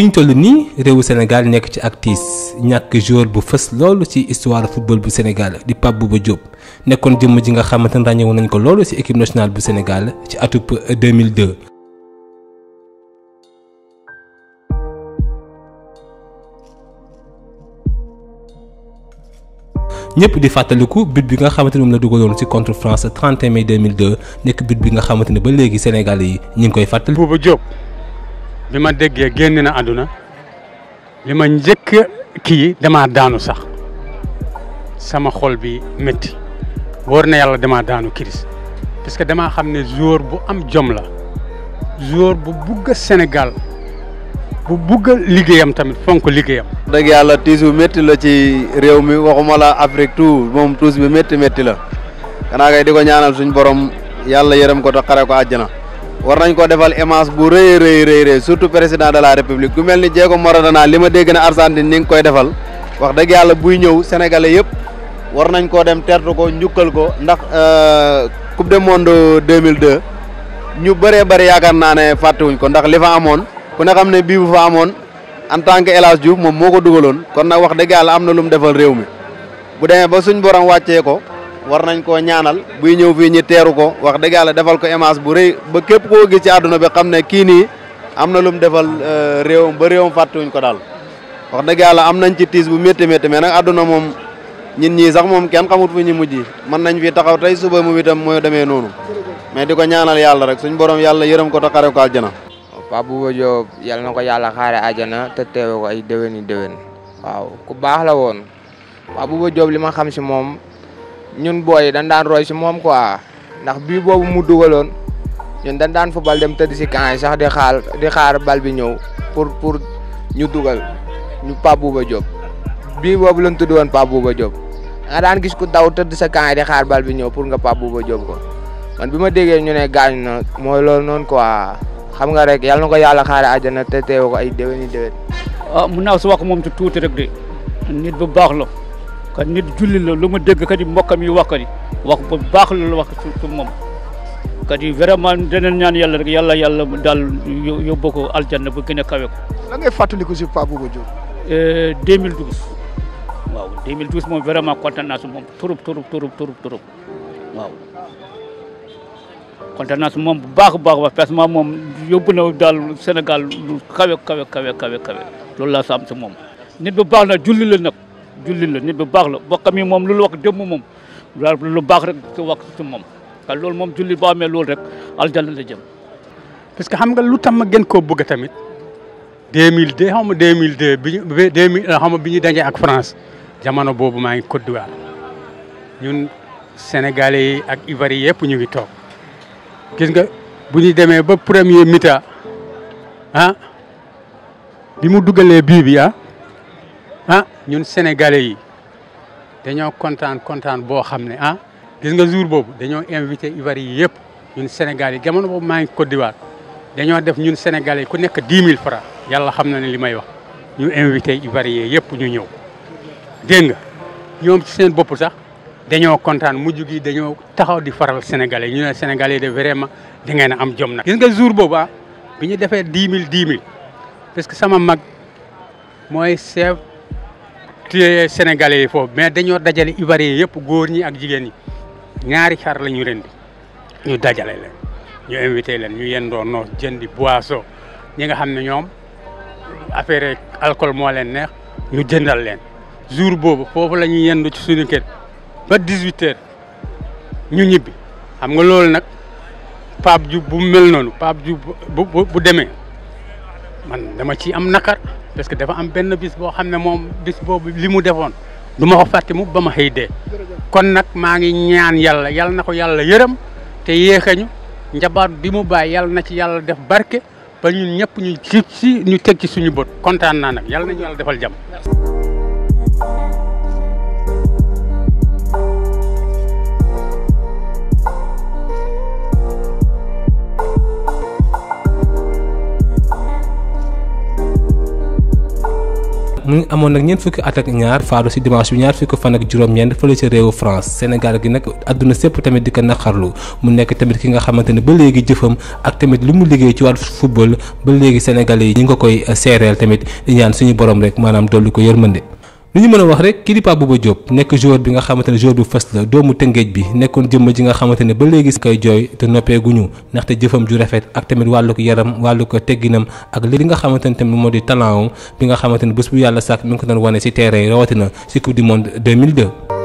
fi toll nii réewu Sénégal nekk ci ak tiis ñàkk joueur bu fës loolu ci histoire football bu Sénégal di Pape Bouba Diop nekkoon jëmm ji nga xamante ne ràññewoon nañ ko loolu ci équipe nationale bu Sénégal ci atub 2002. Euh, ñëpp di fàttaliku but bi nga xamante ne moom la dugaloon ci contre France 31 mai 2002 nekk but bi nga xamante ne ba léegi senegal yi ñu ngi koy fàttali. Bouba Diop. bi ma déggee génn na àdduna li ma njëkk kii damaa daanu sax sama xol bi metti wóor na yàlla damaa daanu kiris parce que damaa xam ne joueur bu am jom la bu bugg a Sénégal bu bugg liggéeyam tamit fonk liggéeyam. dëgg yàlla tiis bu métti la ci réew mi waxuma la Afrique tout moom tuus bi métti métti la. xanaa kay di ko ñaanal suñ borom yàlla yërëm ko te xare ko war nañ ko defal image bu rëy rëy rëy rëy surtout président de la république ku mel ni Diego Maradona li ma dégg na Argentine ni nga koy defal wax dëgg yàlla buy ñëw sénégalais yëpp war nañ koo dem tertu ko njukkal ko ndax euh, coupe du monde 2002 ñu bëree bëri yaakaar naa ne fàttewuñ ko ndax li fa amoon ku ne xam ne bii bu fa amoon en tant que El moom moo ko dugaloon kon nag wax dëgg yàlla am na lu mu defal réew mi bu demee ba suñ borom wàccee ko war nañ koo ñaanal buy ñëw fii ñi teeru ko wax dëgg yàlla defal ko image bu rëy ba képp koo gis ci àdduna bi xam ne kii nii am na lum defal euh, réewam ba réewam fàttewuñ ko daal wax dëgg yàlla am nañ ci tiis bu métti métti mais nag àdduna moom ñin ñi sax moom kenn xamut fu ñu mujj mën nañ fi taxaw tey suba mu itam mooy demee noonu mais di ko ñaanal yàlla rek suñ borom yàlla yërëm ko te xare ko aljana Pape Bouba Diop yàlla na ko yàlla xaare aljana te teewe ko ay déwéni déwén waaw ku ñun booy dañ daan roy si moom quoi ndax bii boobu mu dugaloon ñun dañ daan fa bal dem tëdd si camp yi sax di xaar xaar bal bi ñëw pour pour ñu dugal ñu Pape a Diop bii boobu lañ tudd woon Pape a Diop nga daan gis ku daw tëdd sa camp yi di xaar bal bi ñëw pour nga Pape Bouba Diop ko man bi ma déggee ñu ne gaañu na mooy loolu noon quoi xam nga rek yàlla na ko yàlla xaare àjjana te teewu ko ay déwéni déwén. ah mun naa su wax moom ci tuuti rek de nit bu baax ka nit julli la lu mu dégg kat yi mbokkam yi wax kat yi wax bu baax la wax su moom ka yi vraiment danañ ñaan yàlla rek yàlla yàlla daal yóbbu ko aljanna bu gën a kawe ko. la ngay fàttaliku si Pape Bouba euh, moom vraiment kontaan naa si moom trop trop trop trop waaw. kontaan moom bu baax a baax wax parce moom yóbbu na daal Sénégal lu kawe kawe kawe kawe kawe loolu laa sa am moom nit bu baax na julli la nag. jullit la nit bu baax la bokkam yi moom lu lu wax démb moom lu baax rek su wax si moom te loolu moom jullit boo amee loolu rek aljanna la jem parce que xam nga lu tam ma gën koo bëgg tamit 2002 xam nga 2002 bi ñu bi 2000 xam nga bi ñu daje ak France jamono boobu maa ngi Côte d'Ivoire ñun Sénégalais ak Ivoiriens yëpp ñu ngi toog gis nga bu ñu demee ba premier mi-temps ah, bi mu dugalee bii bi ah, ah ñun sénégalais yi dañoo kontaan kontaan boo xam ne ah gis nga jour boobu dañoo invité Ivoiriens yi yëpp ñun Sénégal yi jamono boobu maa ngi Côte d'Ivoire dañoo def ñun sénégalais ku nekk 10 000 francs yàlla xam na ne li may wax ñu invité Ivoiriens yëpp ñu ñëw dégg nga ñoom ci seen bopp sax dañoo kontaan mujj gi dañoo taxaw di faral sénégalais ñu ne sénégalais de vraiment da ngeen a am jom nag. gis nga jour boobu ah bi ñu defee 10 000 10 000 parce que sama mag mooy chef. téye sénégalais yi foofu mais dañoo dajale ivoirien yëpp góor ñi ak jigéen ñi ñaari xar la ñu rendi ñu dajale leen ñu invité leen ñu yendoo noos jëndi boisson ñi nga xam ne ñoom affaire alcool moo leen neex ñu jëndal leen jour boobu foofu la ñuy yendu ci suñu kër ba 18 heures ñu ñibbi xam nga loolu nag Pape Diouf bu mel noonu Pape Diouf bu demee man dama ci am naqar parce que dafa am benn bis boo xam ne moom bis boobu li mu defoon du ma ko fàtte mu ba ma xëy dee kon nag maa ngi ñaan yàlla yàlla na ko yàlla yërëm te yéexañu njabaat bi mu bàyyi yàlla na ci yàlla def barke ba ñun ñëpp ñu jib si ñu teg ci suñu bët kontaan naa nag yàlla nañu yàlla defal jam mu ngi amoon nag ñeent fukki at ak ñaar faatu si dimanche bi ñaar fukki fan ak juróom-ñeent fële ci réewu France Sénégal gi nag àdduna sépp tamit di ko naqarlu mu nekk tamit ki nga xamante ne ba léegi jëfam ak tamit lu mu liggéey ci wàllu football ba léegi Sénégalais yi ñu nga koy seereel tamit di ñaan suñu borom rek maanaam dolli ko yërmande li ñu mën a wax rek kii di Pape Bouba nekk joueur bi nga xamante ne joueur bu fës la doomu tëngéej bi nekkoon jëmm ji nga xamante ne ba léegi koy jooy te noppeeguñu ndaxte jëfam ju rafet ak tamit wàllu yaram wàllu ko tegginam ak li nga xamante ne tamit moo di talent bi nga xamante ne bés bu yàlla sàkk mi ngi ko doon wane ci terrain rawatina ci coupe du monde 2002